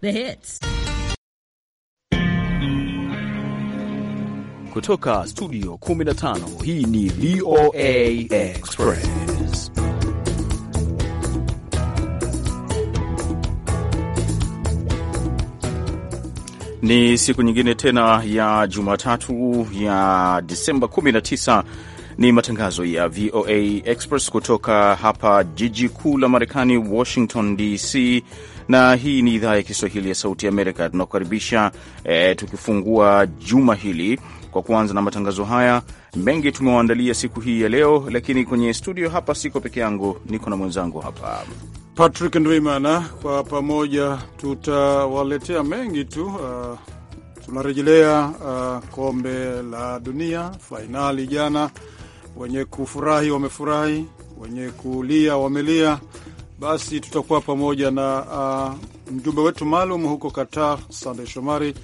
the hits. Kutoka studio 15 hii ni VOA Express. Ni siku nyingine tena ya Jumatatu ya Disemba 19 ni matangazo ya VOA Express kutoka hapa jiji kuu la Marekani, Washington DC na hii ni idhaa ya Kiswahili ya Sauti ya Amerika. Tunakukaribisha e, tukifungua juma hili kwa kuanza na matangazo haya mengi tumewaandalia siku hii ya leo, lakini kwenye studio hapa siko peke yangu, niko na mwenzangu hapa Patrick Ndwimana. Kwa pamoja tutawaletea mengi tu. Uh, tunarejelea uh, kombe la dunia fainali jana. Wenye kufurahi wamefurahi, wenye kulia wamelia basi tutakuwa pamoja na uh, mjumbe wetu maalum huko Qatar, Sandey Shomari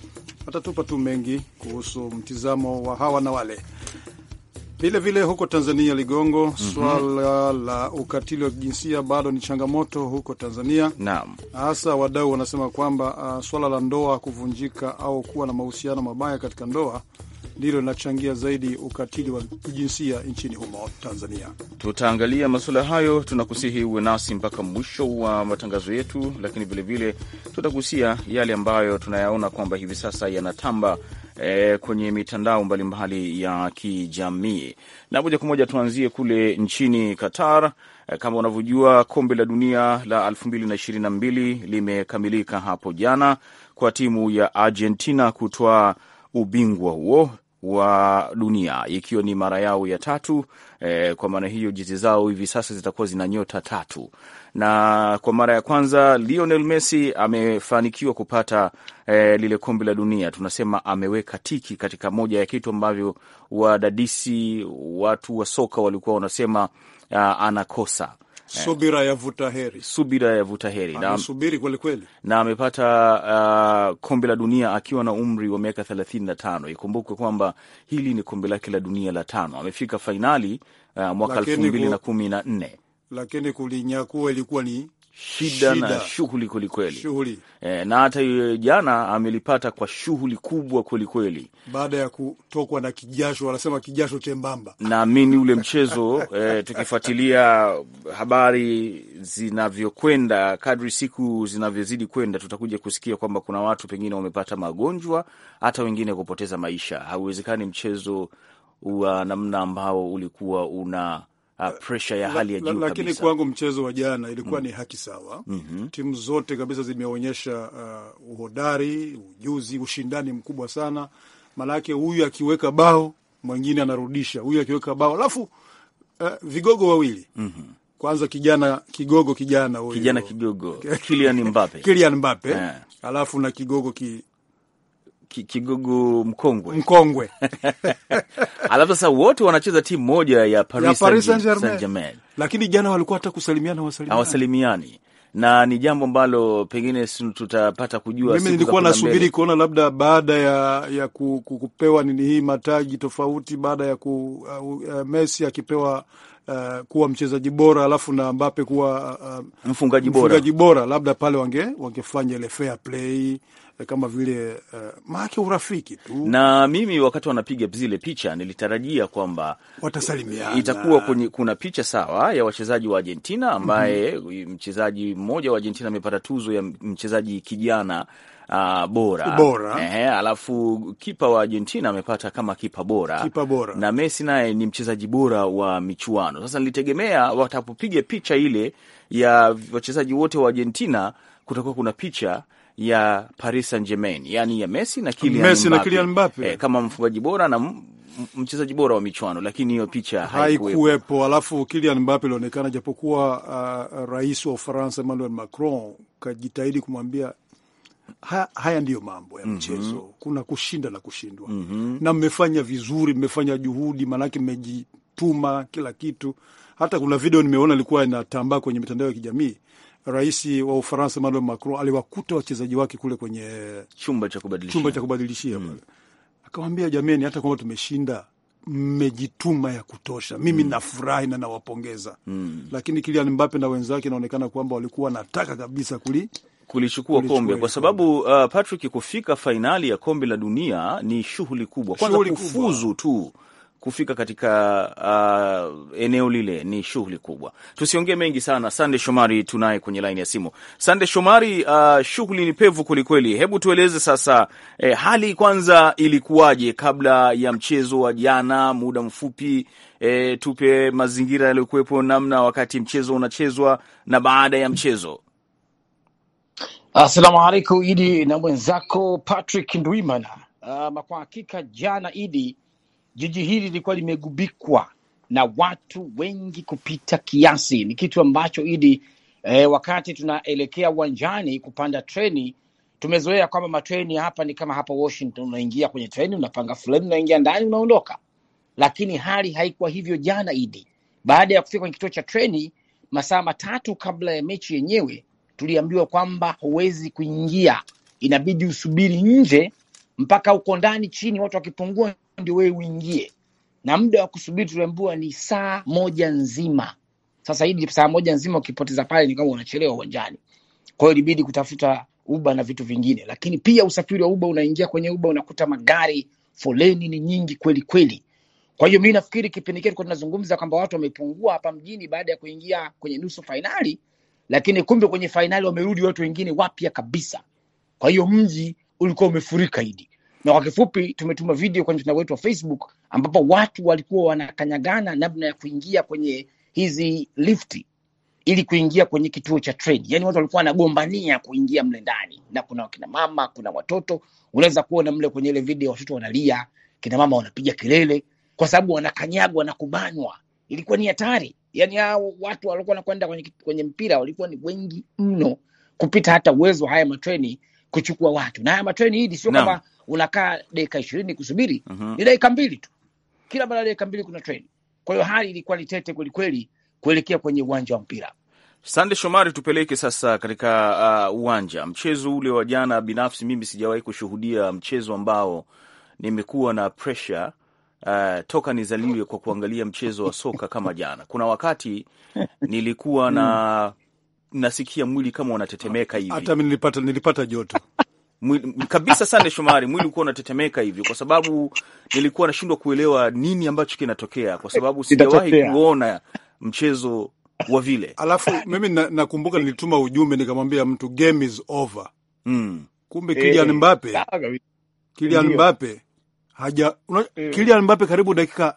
atatupa tu mengi kuhusu mtizamo wa hawa na wale. Vile vile huko Tanzania, Ligongo, mm -hmm. Swala la ukatili wa kijinsia bado ni changamoto huko Tanzania, hasa wadau wanasema kwamba uh, swala la ndoa kuvunjika au kuwa na mahusiano mabaya katika ndoa ndilo linachangia zaidi ukatili wa kijinsia nchini humo Tanzania. Tutaangalia masuala hayo, tunakusihi uwe nasi mpaka mwisho wa matangazo yetu, lakini vilevile tutagusia yale ambayo tunayaona kwamba hivi sasa yanatamba E, kwenye mitandao mbalimbali mbali ya kijamii na moja kwa moja tuanzie kule nchini Qatar. E, kama unavyojua kombe la dunia la 2022 limekamilika hapo jana kwa timu ya Argentina kutoa ubingwa huo wa dunia, ikiwa ni mara yao ya tatu. E, kwa maana hiyo jezi zao hivi sasa zitakuwa zina nyota tatu, na kwa mara ya kwanza Lionel Messi amefanikiwa kupata e, lile kombe la dunia. Tunasema ameweka tiki katika moja ya kitu ambavyo wadadisi, watu wa soka walikuwa wanasema ah, anakosa Eh, subira vuta heri, subira vuta heri. Na subiri kweli kweli, na amepata uh, kombe la dunia akiwa na umri wa miaka thelathini na tano. Ikumbukwe kwamba hili ni kombe lake la dunia la tano. Amefika fainali uh, mwaka elfu mbili na kumi na nne, lakini kulinyakua ilikuwa ni shida, shida na shughuli kwelikweli, shughuli e, na hata yule jana amelipata kwa shughuli kubwa kwelikweli, baada ya kutokwa na kijasho, wanasema kijasho chembamba. Naamini ule mchezo e, tukifuatilia habari zinavyokwenda, kadri siku zinavyozidi kwenda, tutakuja kusikia kwamba kuna watu pengine wamepata magonjwa, hata wengine kupoteza maisha. Hauwezekani mchezo wa namna ambao ulikuwa una Uh, presha ya hali ya juu kabisa. Lakini kwangu mchezo wa jana ilikuwa mm. ni haki sawa mm -hmm. Timu zote kabisa zimeonyesha uh, uhodari, ujuzi, ushindani mkubwa sana, maanake huyu akiweka bao mwingine anarudisha, huyu akiweka bao alafu uh, vigogo wawili mm -hmm. Kwanza kijana kigogo, kijana huyo kijana kigogo Kylian Mbappe, Kylian Mbappe yeah. Alafu na kigogo ki, kigogo mkongwe mkongwe. Alafu sasa wote wanacheza timu moja ya Paris Saint-Germain, lakini jana walikuwa hata kusalimiana hawasalimiani na ni jambo ambalo pengine tutapata kujua. Mimi nilikuwa nasubiri kuona labda baada ya ya kupewa nini hii mataji tofauti, baada ya ku, uh, uh, Messi akipewa uh, kuwa mchezaji bora alafu na Mbappe kuwa uh, uh, mfungaji bora, mfungaji bora, labda pale wange wangefanya ile fair play uh, kama vile uh, maake urafiki tu. Na mimi wakati wanapiga zile picha nilitarajia kwamba uh, watasalimiana, itakuwa kuni, kuna picha sawa ya wachezaji wa Argentina ambaye mm -hmm. mchezaji mmoja wa Argentina amepata tuzo ya mchezaji kijana uh, bora, bora. Ehe, alafu kipa wa Argentina amepata kama kipa bora, kipa bora, na Messi naye ni mchezaji bora wa michuano. Sasa nilitegemea watapopiga picha ile ya wachezaji wote wa Argentina kutakuwa kuna picha ya Paris Saint-Germain, yani ya Messi na Kylian Messi Mbappe, na Kylian Mbappe. E, kama mfungaji bora na mchezaji bora wa michuano, lakini hiyo picha haikuwepo. Alafu Kylian Mbappe ilionekana, japokuwa uh, rais wa Ufaransa Emmanuel Macron kajitahidi kumwambia haya, haya ndiyo mambo ya mhm. mchezo mm -hmm. Kuna kushinda na kushindwa mm -hmm. na mmefanya vizuri, mmefanya juhudi, maanake mmejituma kila kitu. Hata kuna video nimeona ilikuwa inatambaa kwenye mitandao ya kijamii Rais wa Ufaransa Emmanuel Macron aliwakuta wachezaji wake kule kwenye chumba cha kubadilishia, chumba cha kubadilishia mm. Akawambia, jameni, hata kwamba tumeshinda, mmejituma ya kutosha, mimi mm. nafurahi na nawapongeza mm. Lakini Kylian Mbappe na wenzake inaonekana kwamba walikuwa wanataka kabisa kuli kulichukua kombe, kwa sababu uh, Patrick, kufika fainali ya kombe la dunia ni shughuli kubwa, kwanza kufuzu tu kufika katika uh, eneo lile ni shughuli kubwa. Tusiongee mengi sana. Sande Shomari tunaye kwenye laini ya simu. Sande Shomari, uh, shughuli ni pevu kwelikweli. Hebu tueleze sasa, eh, hali kwanza ilikuwaje kabla ya mchezo wa jana muda mfupi? Eh, tupe mazingira yaliyokuwepo, namna wakati mchezo unachezwa na baada ya mchezo. Assalamu alaikum Idi na mwenzako Patrick Ndwimana. Uh, kwa hakika jana Idi, jiji hili lilikuwa limegubikwa na watu wengi kupita kiasi. Ni kitu ambacho Idi, eh, wakati tunaelekea uwanjani kupanda treni tumezoea kwamba matreni hapa ni kama hapa Washington, unaingia kwenye treni, unapanga fulani unaingia ndani, unaondoka. Lakini hali haikuwa hivyo jana Idi. Baada ya kufika kwenye kituo cha treni masaa matatu kabla ya mechi yenyewe tuliambiwa kwamba huwezi kuingia, inabidi usubiri nje mpaka uko ndani chini, watu wakipungua ndio wewe uingie, na muda wa kusubiri tuliambiwa ni saa moja nzima. Sasa hii saa moja nzima ukipoteza pale ni kama unachelewa uwanjani, kwa hiyo ilibidi kutafuta uba na vitu vingine, lakini pia usafiri wa uba, unaingia kwenye uba unakuta magari foleni ni nyingi kweli kweli. Kwa hiyo mi nafikiri kipindi kile tulikuwa tunazungumza kwamba watu wamepungua hapa mjini baada ya kuingia kwenye nusu fainali lakini kumbe kwenye fainali wamerudi watu wengine wapya kabisa. Kwa hiyo mji ulikuwa umefurika idi, na kwa kifupi tumetuma video kwenye mtandao wetu wa Facebook ambapo watu walikuwa wanakanyagana namna ya kuingia kwenye hizi lifti ili kuingia kwenye kituo cha treni. Yani watu walikuwa wanagombania kuingia mle ndani, na kuna wakina mama, kuna watoto. Unaweza kuona mle kwenye ile video watoto wanalia, kina mama wanapiga kelele kwa sababu wanakanyagwa na kubanwa. Ilikuwa ni hatari yani hao watu walikuwa wanakwenda kwenye, kwenye mpira walikuwa ni wengi mno kupita hata uwezo haya matreni kuchukua watu na haya matreni hili sio kama unakaa dakika ishirini kusubiri uh-huh. ni dakika mbili tu kila baada ya dakika mbili kuna treni kwa hiyo hali ilikuwa ni tete kwelikweli kuelekea kwenye uwanja wa mpira Sande Shomari, tupeleke sasa katika uh, uwanja mchezo ule wa jana. Binafsi mimi sijawahi kushuhudia mchezo ambao nimekuwa na pressure uh, toka nizaliwe kwa kuangalia mchezo wa soka kama jana. Kuna wakati nilikuwa na nasikia mwili kama unatetemeka hivi, hata mimi nilipata nilipata joto mwili, kabisa. Sande Shomari, mwili ulikuwa unatetemeka hivi kwa sababu nilikuwa nashindwa kuelewa nini ambacho kinatokea, kwa sababu sijawahi kuona mchezo wa vile. Alafu mimi nakumbuka na nilituma ujumbe nikamwambia mtu game is over. Mm. Kumbe Kylian eh, Mbappe Kylian Mbappe haja mm. Kylian Mbappe karibu dakika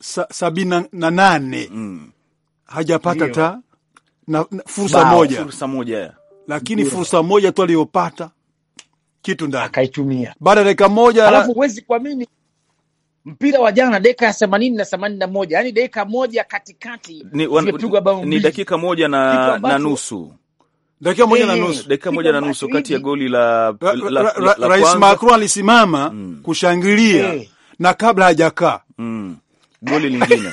sa, sabini na nane mm. hajapata ta na, na, fursa Bao, moja, fursa moja lakini fursa moja tu aliyopata kitu ndani akaitumia baada ya dakika moja. Alafu huwezi kuamini mpira wa jana dakika ya themanini na themanini na moja yani dakika moja katikati ni, wan, ni dakika moja na, na nusu dakika moja na nusu, dakika moja na nusu kati ya goli la, la, la, la, la, Rais Macron alisimama mm. kushangilia hey. na kabla hajakaa mm. goli lingine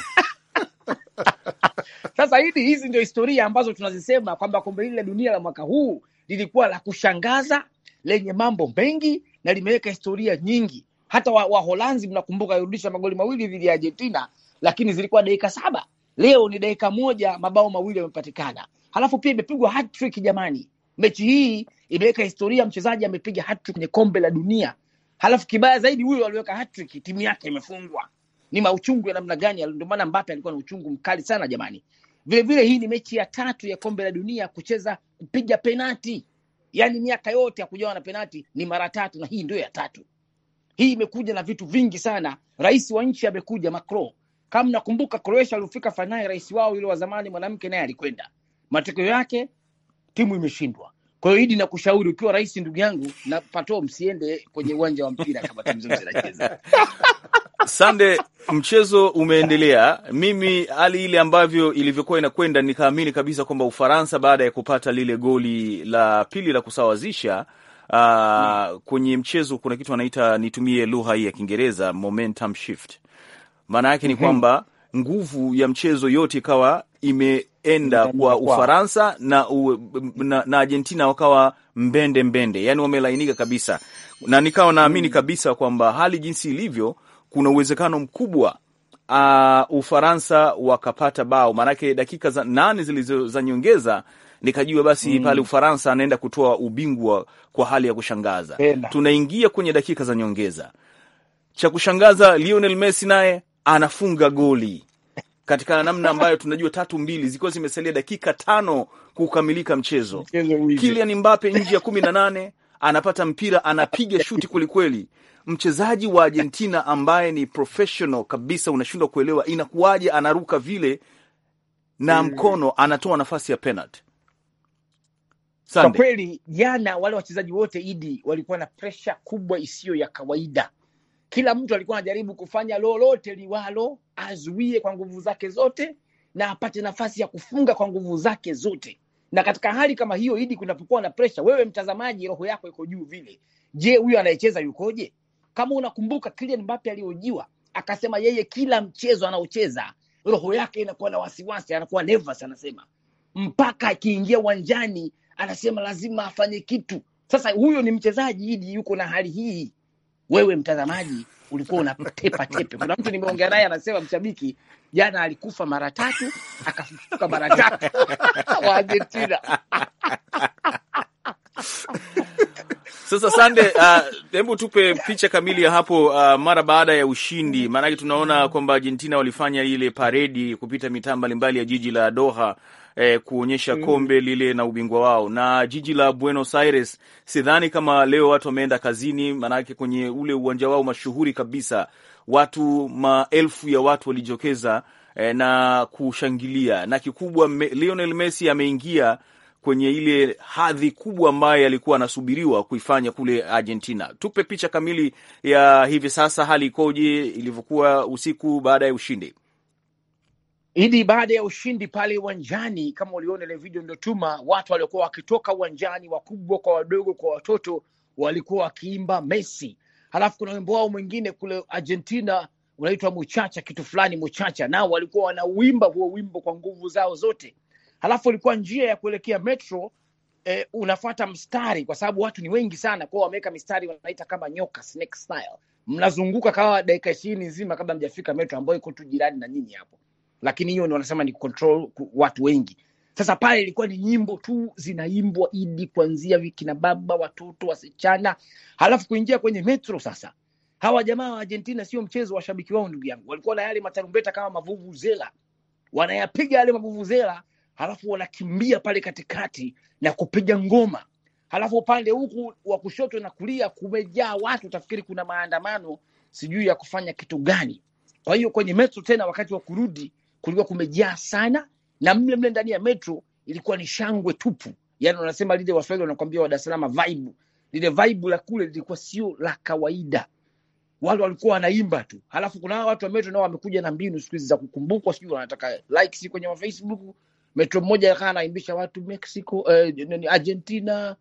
Sasa hili hizi ndio historia ambazo tunazisema kwamba kombe hili la dunia la mwaka huu lilikuwa la kushangaza lenye mambo mengi na limeweka historia nyingi. Hata Waholanzi wa mnakumbuka, alirudisha magoli mawili dhidi ya Argentina, lakini zilikuwa dakika saba. Leo ni dakika moja, mabao mawili yamepatikana halafu pia imepigwa hattrick jamani. Mechi hii imeweka historia, mchezaji amepiga hattrick kwenye kombe la dunia, halafu kibaya zaidi huyo aliweka hattrick, timu yake imefungwa. Ni mauchungu ya namna gani? Ndio maana Mbappe alikuwa na uchungu mkali sana jamani. Vile vile hii ni mechi ya tatu ya kombe la dunia kucheza kupiga penati, yani miaka yote ya kujawa na penati ni mara tatu, na hii ndio ya tatu. Hii imekuja na vitu vingi sana. Rais wa nchi amekuja Macron. Kama nakumbuka Croatia alifika fainali, rais wao yule wa zamani mwanamke naye alikwenda. Matokeo yake timu imeshindwa. Kwa hiyo Idi, nakushauri ukiwa rais, ndugu yangu na Pato, msiende kwenye uwanja wa mpira kama timu zote zinacheza. Sande, mchezo umeendelea. Mimi hali ile ambavyo ilivyokuwa inakwenda, nikaamini kabisa kwamba Ufaransa baada ya kupata lile goli la pili la kusawazisha uh, mm, kwenye mchezo kuna kitu anaita nitumie lugha hii ya Kiingereza, momentum shift. Maana yake ni mhm. kwamba nguvu ya mchezo yote ikawa imeenda kwa Ufaransa na, u, na, na Argentina wakawa mbende mbende, yani wamelainika kabisa, na nikawa naamini mm. kabisa kwamba hali jinsi ilivyo, kuna uwezekano mkubwa uh, Ufaransa wakapata bao, maanake dakika za nane zilizo za nyongeza nikajua basi mm, pale Ufaransa anaenda kutoa ubingwa kwa hali ya kushangaza Pena. Tunaingia kwenye dakika za nyongeza, cha kushangaza Lionel Messi naye anafunga goli katika namna ambayo tunajua tatu mbili zikiwa zimesalia dakika tano kukamilika mchezo, Kylian Mbappe nje ya kumi na nane anapata mpira anapiga shuti kwelikweli. Mchezaji wa Argentina ambaye ni professional kabisa, unashindwa kuelewa inakuwaje anaruka vile na hmm. mkono anatoa nafasi ya penalty. Kwa kweli jana wale wachezaji wote idi walikuwa na presha kubwa isiyo ya kawaida kila mtu alikuwa anajaribu kufanya lolote liwalo azuie kwa nguvu zake zote na apate nafasi ya kufunga kwa nguvu zake zote. Na katika hali kama hiyo, Idi, kunapokuwa na presha, wewe mtazamaji, roho yako iko juu vile. Je, huyo anayecheza yukoje? Kama unakumbuka Kylian mbape aliyojiwa akasema yeye kila mchezo anaocheza roho yake inakuwa na wasiwasi, anakuwa nervous, anasema mpaka akiingia uwanjani anasema lazima afanye kitu. Sasa huyo ni mchezaji Idi, yuko na hali hii wewe mtazamaji ulikuwa unatepa tepe. Kuna mtu nimeongea naye anasema mshabiki jana alikufa mara tatu akafufuka mara tatu wa Argentina. Sasa Sande, uh, hebu uh, tupe picha kamili ya hapo uh, mara baada ya ushindi, maanake tunaona kwamba Argentina walifanya ile paredi kupita mitaa mbalimbali ya jiji la Doha eh, kuonyesha mm. kombe lile na ubingwa wao. Na jiji la Buenos Aires, sidhani kama leo watu wameenda kazini, maanake kwenye ule uwanja wao mashuhuri kabisa watu maelfu ya watu walijitokeza eh, na kushangilia, na kikubwa me, Lionel Messi ameingia kwenye ile hadhi kubwa ambayo alikuwa anasubiriwa kuifanya kule Argentina. Tupe picha kamili ya hivi sasa, hali ikoje ilivyokuwa usiku baada ya ushindi. Idi, baada ya ushindi pale uwanjani, kama uliona ile video ndotuma, watu waliokuwa wakitoka uwanjani, wakubwa kwa wadogo, kwa watoto, walikuwa wakiimba Messi. Halafu kuna wimbo wao mwingine kule Argentina unaitwa muchacha kitu fulani muchacha, nao walikuwa wanauimba huo wimbo kwa nguvu zao zote. Halafu ilikuwa njia ya kuelekea metro eh, unafuata mstari, kwa sababu watu ni wengi sana kwao, wameweka mistari wanaita kama nyoka, snake style. Mnazunguka kama dakika ishirini nzima kabla mjafika metro ambayo iko tu jirani na nyinyi hapo lakini hiyo ndio wanasema ni control watu wengi. Sasa pale ilikuwa ni nyimbo tu zinaimbwa idi, kuanzia kina baba, watoto, wasichana, halafu kuingia kwenye metro. Sasa hawa jamaa wa Argentina sio mchezo, washabiki wao ndugu yangu walikuwa na yale matarumbeta kama mavuvuzela, wanayapiga yale mavuvuzela, halafu wanakimbia pale katikati na kupiga ngoma, halafu upande huku wa kushoto na kulia kumejaa watu, utafikiri kuna maandamano sijui ya kufanya kitu gani. Kwa hiyo kwenye metro tena, wakati wa kurudi kulikuwa kumejaa sana, na mle mle ndani ya metro ilikuwa ni shangwe tupu. Yani wanasema lile, waswahili wanakwambia wa Dar es Salaam vibe, lile vibe la kule lilikuwa sio la kawaida. Wale walikuwa wanaimba tu, halafu kuna watu wa metro nao wamekuja na mbinu siku hizi za kukumbukwa, sijui wanataka likes kwenye Facebook. Metro mmoja akaa anaimbisha watu Mexico, eh, Argentina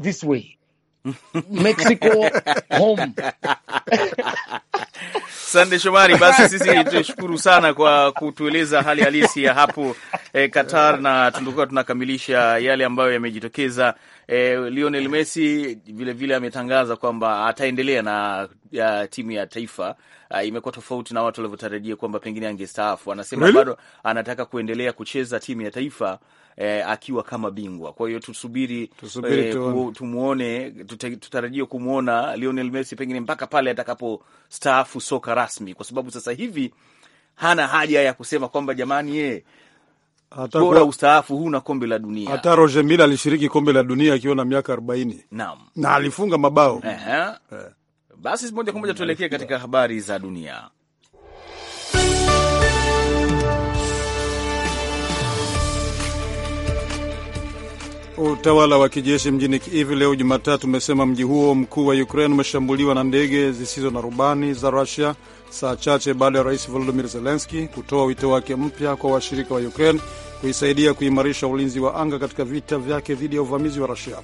this way Mexico home Sande Shomari, basi sisi tushukuru sana kwa kutueleza hali halisi ya hapo eh, Qatar, na tunatakuwa tunakamilisha yale ambayo yamejitokeza. Eh, Lionel Messi vilevile ametangaza kwamba ataendelea na ya timu ya taifa. Uh, imekuwa tofauti na watu walivyotarajia kwamba pengine angestaafu. Anasema really? bado anataka kuendelea kucheza timu ya taifa eh, akiwa kama bingwa. Kwa hiyo tusubiri, tusubiri eh, tumuone, tutarajia kumwona Lionel Messi pengine mpaka pale atakapo staafu soka rasmi, kwa sababu sasa hivi hana haja ya kusema kwamba jamani ye eh, bora ustaafu huu na kombe la dunia. Hata Roger mil alishiriki kombe la dunia akiwa na miaka arobaini. Naam, na alifunga mabao. Eh. Basi moja kwa moja tuelekee katika habari za dunia. Utawala wa kijeshi mjini Kiev leo Jumatatu umesema mji huo mkuu wa Ukraine umeshambuliwa na ndege zisizo na rubani za Rusia saa chache baada ya rais Volodimir Zelenski kutoa wito wake mpya kwa washirika wa Ukraine kuisaidia kuimarisha ulinzi wa anga katika vita vyake dhidi ya uvamizi wa Rusia.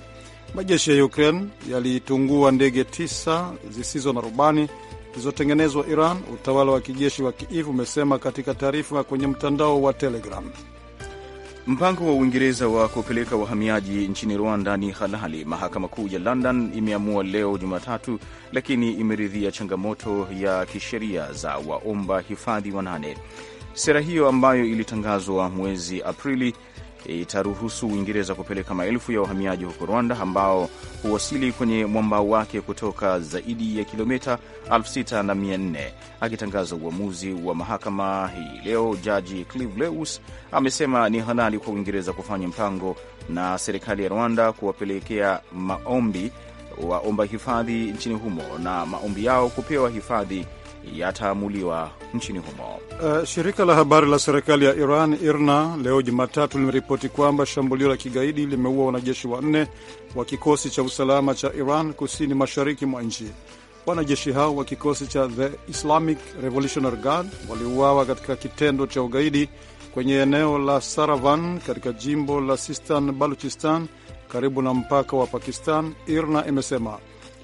Majeshi ya Ukraine yaliitungua ndege tisa zisizo na rubani zilizotengenezwa Iran, utawala wa kijeshi wa Kiev umesema katika taarifa kwenye mtandao wa Telegram. Mpango wa Uingereza wa kupeleka wahamiaji nchini Rwanda ni halali, mahakama kuu ya London imeamua leo Jumatatu, lakini imeridhia changamoto ya kisheria za waomba hifadhi wanane. Sera hiyo ambayo ilitangazwa mwezi Aprili itaruhusu Uingereza kupeleka maelfu ya wahamiaji huko Rwanda ambao huwasili kwenye mwambao wake kutoka zaidi ya kilomita 6400. Akitangaza uamuzi wa mahakama hii leo, jaji Clive Lewis amesema ni halali kwa Uingereza kufanya mpango na serikali ya Rwanda kuwapelekea maombi waomba hifadhi nchini humo na maombi yao kupewa hifadhi yataamuliwa nchini humo. Uh, shirika la habari la serikali ya Iran IRNA leo Jumatatu limeripoti kwamba shambulio la kigaidi limeua wanajeshi wanne wa kikosi cha usalama cha Iran kusini mashariki mwa nchi. Wanajeshi hao wa kikosi cha The Islamic Revolutionary Guard waliuawa katika kitendo cha ugaidi kwenye eneo la Saravan katika jimbo la Sistan Baluchistan karibu na mpaka wa Pakistan. IRNA imesema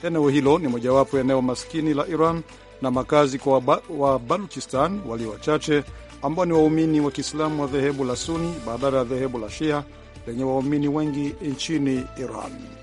eneo hilo ni mojawapo eneo maskini la Iran na makazi kwa Wabaluchistan walio wachache ambao ni waumini wa Kiislamu wa dhehebu la Suni badala ya dhehebu la Shia lenye waumini wengi nchini Iran.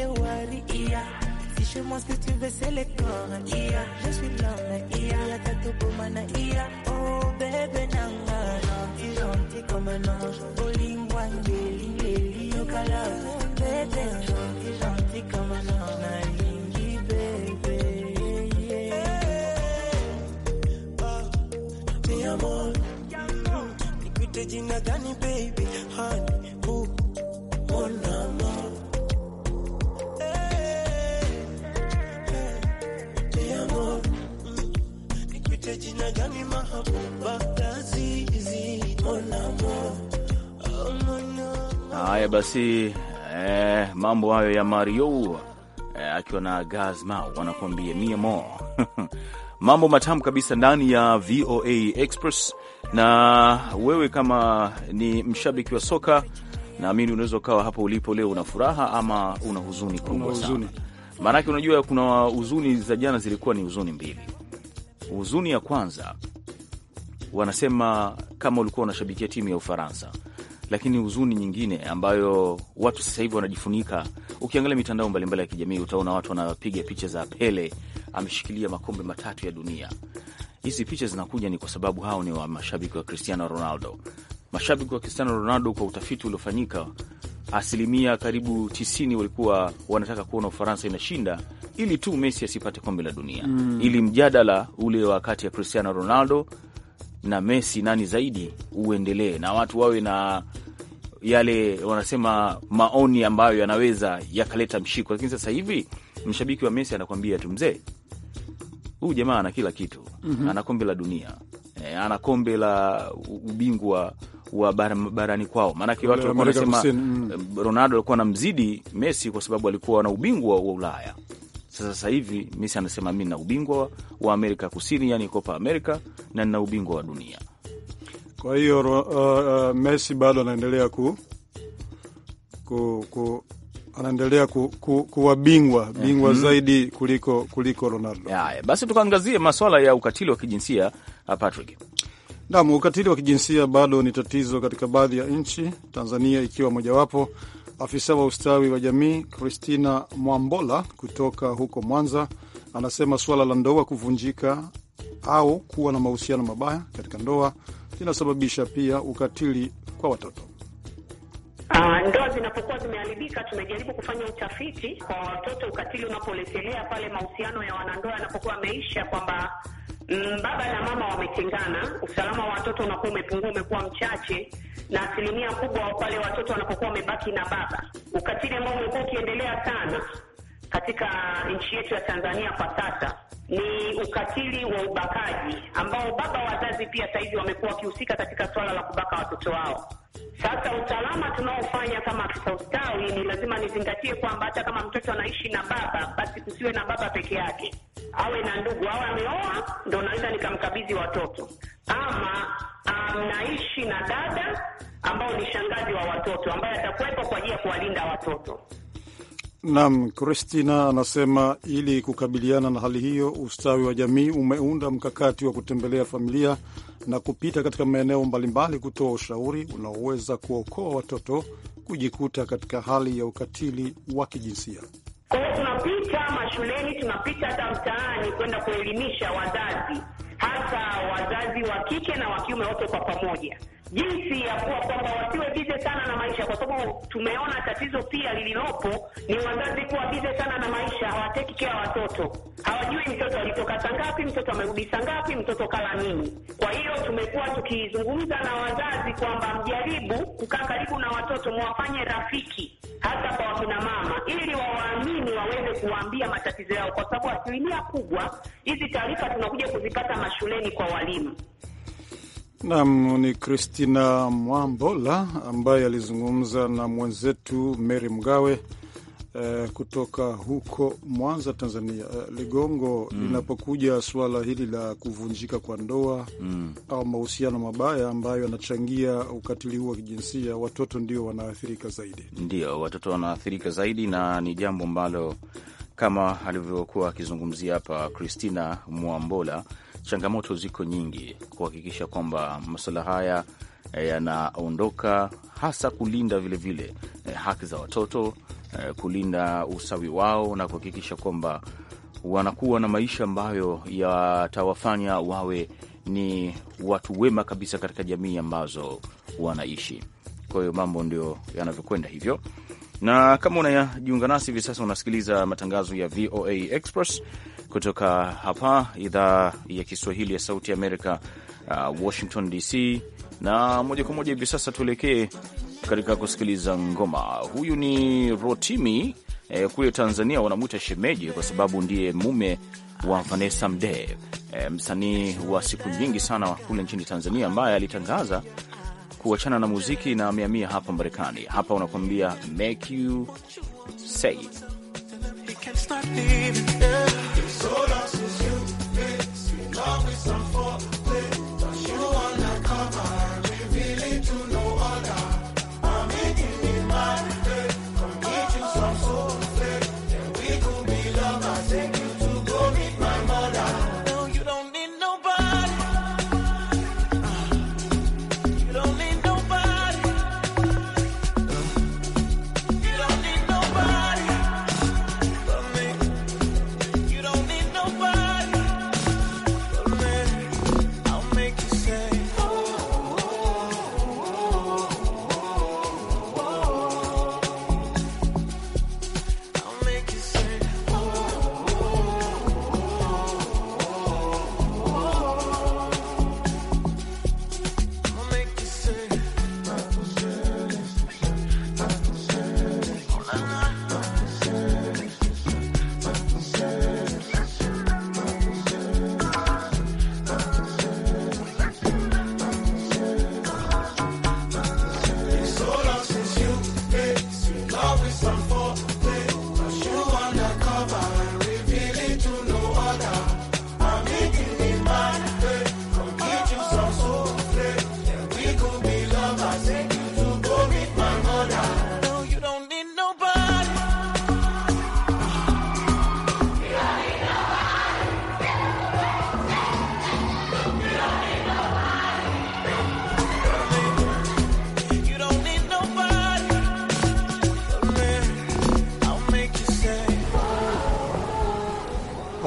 voir Ia Si chez moi si tu veux c'est les corps Ia Je suis l'homme Ia Tato pomana Ia Oh bébé nanga Gentil gentil comme un ange Olingwa ngeli ngeli Yokala Bébé gentil gentil comme un ange Nalingi bébé ah, Mi amor Nikute jina gani baby Honey Haya basi, eh, mambo hayo ya Mario eh, akiwa na Gazma wanakuambia mia mo mambo matamu kabisa ndani ya VOA Express. Na wewe kama ni mshabiki wa soka, naamini unaweza ukawa hapo ulipo leo una furaha ama una huzuni kubwa sana, maanake unajua kuna huzuni za jana zilikuwa ni huzuni mbili. Huzuni ya kwanza wanasema kama ulikuwa unashabikia timu ya Ufaransa. Lakini huzuni nyingine ambayo watu sasa hivi wanajifunika, ukiangalia mitandao mbalimbali ya kijamii, utaona watu wanapiga picha za Pele ameshikilia makombe matatu ya dunia. Hizi picha zinakuja ni kwa sababu hao ni wa mashabiki wa Cristiano Ronaldo. Mashabiki wa Cristiano Ronaldo, kwa utafiti uliofanyika, asilimia karibu 90 walikuwa wanataka kuona Ufaransa inashinda ili tu Messi asipate kombe la dunia mm. ili mjadala ule wa kati ya Cristiano Ronaldo na Messi nani zaidi uendelee na watu wawe na yale wanasema maoni ambayo yanaweza yakaleta mshiko, lakini sasa hivi mshabiki wa Messi anakwambia tu mzee, huyu jamaa ana kila kitu mm -hmm. Ana kombe la dunia e, ana kombe la ubingwa wa barani kwao, maanake watu walikuwa wanasema mm. Ronaldo alikuwa na mzidi Messi kwa sababu alikuwa na ubingwa wa Ulaya sasa hivi Messi anasema mi na ubingwa wa Amerika Kusini, yani Copa America, na nina ubingwa wa dunia. Kwa hiyo uh, uh, Messi bado anaendelea ku, ku, ku anaendelea ku, ku, kuwa bingwa bingwa mm -hmm. zaidi kuliko, kuliko Ronaldo. Ya, basi tukaangazie maswala ya ukatili wa kijinsia uh, Patrick. Naam, ukatili wa kijinsia bado ni tatizo katika baadhi ya nchi, Tanzania ikiwa mojawapo Afisa wa ustawi wa jamii Christina Mwambola kutoka huko Mwanza anasema suala la ndoa kuvunjika au kuwa na mahusiano mabaya katika ndoa linasababisha pia ukatili kwa watoto. Uh, ndoa zinapokuwa zimeharibika, tumejaribu kufanya utafiti kwa watoto, ukatili unapoletelea pale mahusiano ya wanandoa yanapokuwa ameisha, kwamba Mm, baba na mama wametengana, usalama wa watoto unakuwa umepungua, umekuwa mchache, na asilimia kubwa pale watoto wanapokuwa wamebaki na baba. Ukatili ambao umekuwa ukiendelea sana katika nchi yetu ya Tanzania kwa sasa ni ukatili wa ubakaji, ambao baba wazazi pia sasa hivi wamekuwa wakihusika katika swala la kubaka watoto wao. Sasa usalama tunaofanya kama afisa ustawi ni lazima nizingatie kwamba hata kama mtoto anaishi na baba, basi kusiwe na baba peke yake, awe na ndugu, awe ameoa, ndo naweza nikamkabidhi watoto, ama anaishi na dada ambao ni shangazi wa watoto, ambaye atakuwepo kwa ajili ya kuwalinda watoto. Nam Kristina anasema ili kukabiliana na hali hiyo, ustawi wa jamii umeunda mkakati wa kutembelea familia na kupita katika maeneo mbalimbali kutoa ushauri unaoweza kuokoa watoto kujikuta katika hali ya ukatili wa kijinsia. Kwa hiyo tunapita mashuleni, tunapita hata mtaani kwenda kuelimisha wazazi hasa wazazi wa kike na wa kiume wote kwa pamoja, jinsi ya kuwa kwamba wasiwe bize sana na maisha, kwa sababu tumeona tatizo pia lililopo ni wazazi kuwa bize sana na maisha, hawateki care watoto, hawajui mtoto alitoka saa ngapi, mtoto amerudi saa ngapi, mtoto kala nini. Kwa hiyo tumekuwa tukizungumza na wazazi kwamba mjaribu kukaa karibu na watoto, mwafanye rafiki hasa wakina mama ili wawaamini waweze kuwaambia matatizo yao, kwa sababu asilimia kubwa hizi taarifa tunakuja kuzipata mashuleni kwa walimu. Nam ni kristina Mwambola ambaye alizungumza na mwenzetu Mary Mgawe eh, kutoka huko Mwanza, Tanzania. Eh, Ligongo, mm. linapokuja suala hili la kuvunjika kwa ndoa mm. au mahusiano mabaya ambayo yanachangia ukatili huu wa kijinsia, watoto ndio wanaathirika zaidi. Ndio watoto wanaathirika zaidi, na ni jambo ambalo kama alivyokuwa akizungumzia hapa Christina Mwambola, changamoto ziko nyingi kuhakikisha kwamba masuala haya eh, yanaondoka, hasa kulinda vilevile vile, eh, haki za watoto Eh, kulinda usawi wao na kuhakikisha kwamba wanakuwa na maisha ambayo yatawafanya wawe ni watu wema kabisa katika jamii ambazo wanaishi. Kwa hiyo mambo ndio yanavyokwenda hivyo, na kama unajiunga nasi hivi sasa, unasikiliza matangazo ya VOA Express kutoka hapa idhaa ya Kiswahili ya Sauti ya Amerika, uh, Washington DC, na moja kwa moja hivi sasa tuelekee katika kusikiliza ngoma. Huyu ni Rotimi e, kule Tanzania wanamwita shemeji kwa sababu ndiye mume wa Vanessa Mdee, eh, msanii wa siku nyingi sana kule nchini Tanzania ambaye alitangaza kuachana na muziki na ameamia hapa Marekani. Hapa unakuambia make you say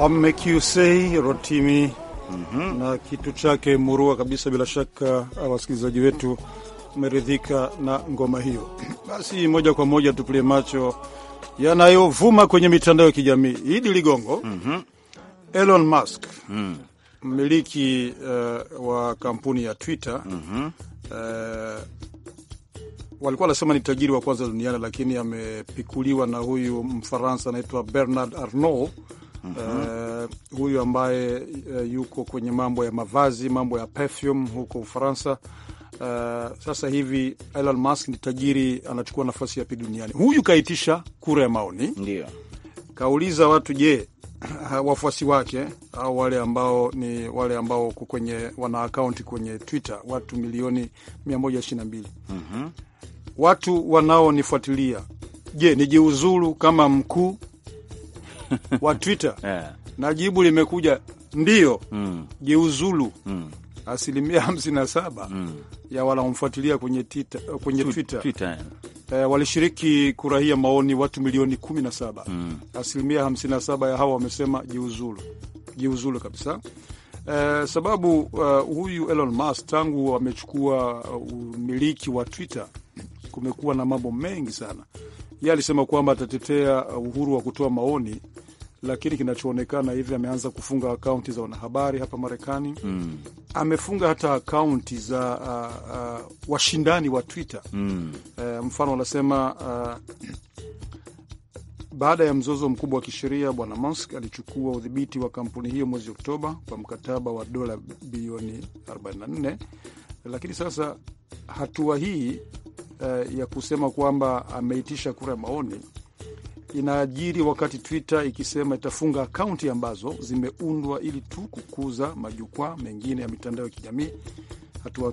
Amekiusei Rotimi mm -hmm. na kitu chake murua kabisa. Bila shaka wasikilizaji wetu meridhika na ngoma hiyo. Basi moja kwa moja tupilie macho yanayovuma kwenye mitandao ya kijamii. Idi Ligongo, mm -hmm. Elon Musk mm mmiliki uh, wa kampuni ya Twitter mm -hmm. uh, walikuwa wanasema ni tajiri wa kwanza duniani, lakini amepikuliwa na huyu Mfaransa anaitwa Bernard Arnault -hmm. uh, huyu ambaye uh, yuko kwenye mambo ya mavazi, mambo ya perfume huko Ufaransa. Uh, sasa hivi Elon Musk ni tajiri, anachukua nafasi ya pili duniani. Huyu kaitisha kura ya maoni, ndio kauliza watu, je, wafuasi wake au wale ambao ni wale ambao kwenye wana akaunti kwenye Twitter watu milioni 122 mm -hmm. watu wanaonifuatilia, je, nijiuzulu kama mkuu wa Twitter yeah. na jibu limekuja ndio mm. jiuzulu mm. asilimia hamsini na saba mm. ya wanaomfuatilia kwenye, tita, kwenye tu, Twitter, Twitter. E, walishiriki kurahia maoni watu milioni kumi na saba mm. asilimia hamsini na saba ya hawa wamesema jiuzulu, jiuzulu kabisa. Eh, sababu uh, huyu Elon Musk tangu amechukua uh, umiliki wa Twitter kumekuwa na mambo mengi sana yeye alisema kwamba atatetea uh, uhuru wa kutoa maoni, lakini kinachoonekana hivi ameanza kufunga akaunti za wanahabari hapa Marekani mm. Amefunga hata akaunti za uh, uh, washindani wa Twitter mm. Uh, mfano anasema uh, baada ya mzozo mkubwa wa kisheria Bwana Musk alichukua udhibiti wa kampuni hiyo mwezi Oktoba kwa mkataba wa dola bilioni 44, lakini sasa hatua hii eh, ya kusema kwamba ameitisha kura ya maoni inaajiri wakati Twitter ikisema itafunga akaunti ambazo zimeundwa ili tu kukuza majukwaa mengine ya mitandao ya kijamii. Hatua,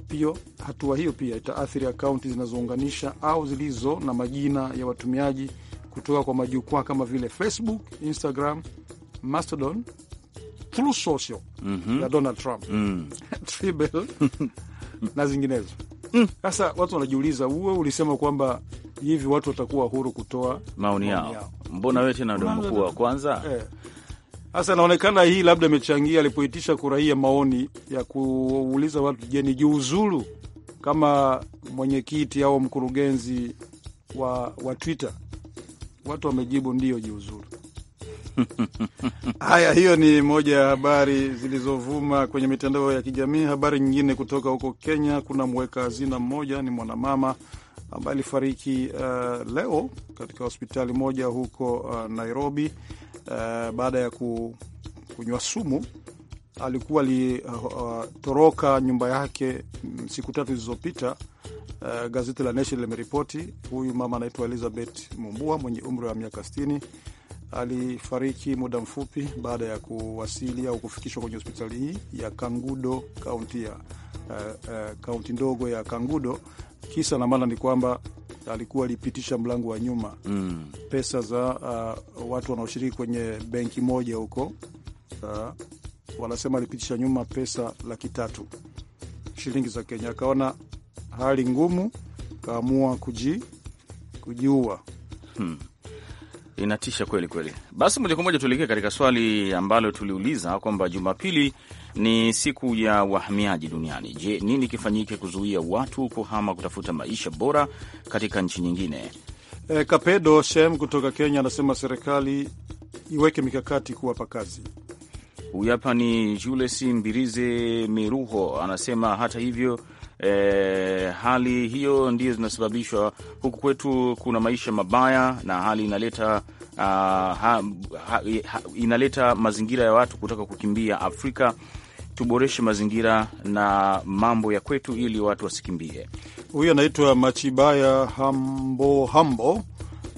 hatua hiyo pia itaathiri akaunti zinazounganisha au zilizo na majina ya watumiaji kutoka kwa majukwaa kama vile Facebook, Instagram, Mastodon, Truth Social mm -hmm. ya Donald Trump mm. Tribble na zinginezo. Mm. Sasa mm, watu wanajiuliza, uwe ulisema kwamba hivi watu watakuwa huru kutoa maoni yao, mbona wewe tena ndio mkuu wa kwanza eh? Sasa inaonekana hii labda imechangia alipoitisha kura hii ya maoni ya kuuliza watu, je, ni jiuzulu kama mwenyekiti au mkurugenzi wa, wa Twitter? Watu wamejibu ndio, jiuzulu. Haya, hiyo ni moja ya habari zilizovuma kwenye mitandao ya kijamii. Habari nyingine kutoka huko Kenya, kuna mweka hazina mmoja, ni mwanamama ambaye alifariki uh, leo katika hospitali moja huko uh, Nairobi uh, baada ya ku, kunywa sumu. Alikuwa alitoroka uh, uh, nyumba yake siku tatu zilizopita. Uh, gazeti la Nation limeripoti huyu mama anaitwa Elizabeth Mumbua mwenye umri wa miaka sitini alifariki muda mfupi baada ya kuwasili au kufikishwa kwenye hospitali hii ya Kangudo eh, eh, kaunti ya kaunti uh, uh, ndogo ya Kangudo. Kisa na maana ni kwamba alikuwa alipitisha mlango wa nyuma mm. pesa za uh, watu wanaoshiriki kwenye benki moja huko uh, wanasema alipitisha nyuma pesa laki tatu shilingi za Kenya. Akaona hali ngumu, kaamua kuji kujiua hmm. Inatisha kweli kweli. Basi moja kwa moja tuelekee katika swali ambalo tuliuliza kwamba Jumapili ni siku ya wahamiaji duniani. Je, nini kifanyike kuzuia watu kuhama kutafuta maisha bora katika nchi nyingine? E, Kapedo Shem kutoka Kenya anasema serikali iweke mikakati kuwapa kazi. Huyu hapa ni Jules Mbirize Miruho anasema hata hivyo E, hali hiyo ndio zinasababishwa huku kwetu, kuna maisha mabaya na hali inaleta uh, ha, ha, ha, inaleta mazingira ya watu kutaka kukimbia Afrika. Tuboreshe mazingira na mambo ya kwetu ili watu wasikimbie. Huyu anaitwa Machibaya Hambo Hambo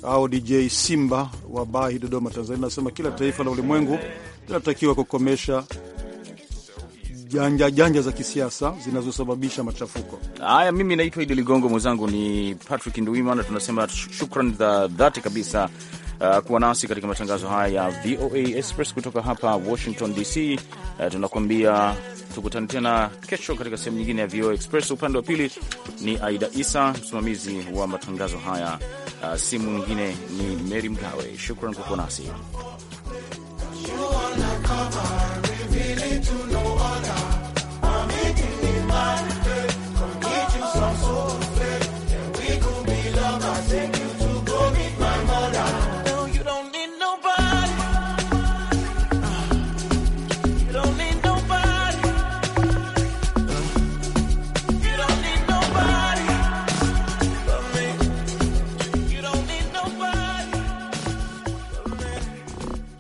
au DJ Simba wa Bahi, Dodoma, Tanzania, anasema kila taifa la ulimwengu linatakiwa kukomesha janja janja za kisiasa zinazosababisha machafuko haya. Mimi naitwa Idi Ligongo, mwenzangu ni Patrick nduimana Tunasema shukran za dhati kabisa uh, kuwa nasi katika matangazo haya ya VOA Express kutoka hapa Washington DC. Uh, tunakuambia tukutane tena kesho katika sehemu nyingine ya VOA Express. Upande wa pili ni Aida Isa, msimamizi wa matangazo haya. Uh, si mwingine ni Mary Mgawe. Shukran kwa kuwa nasi.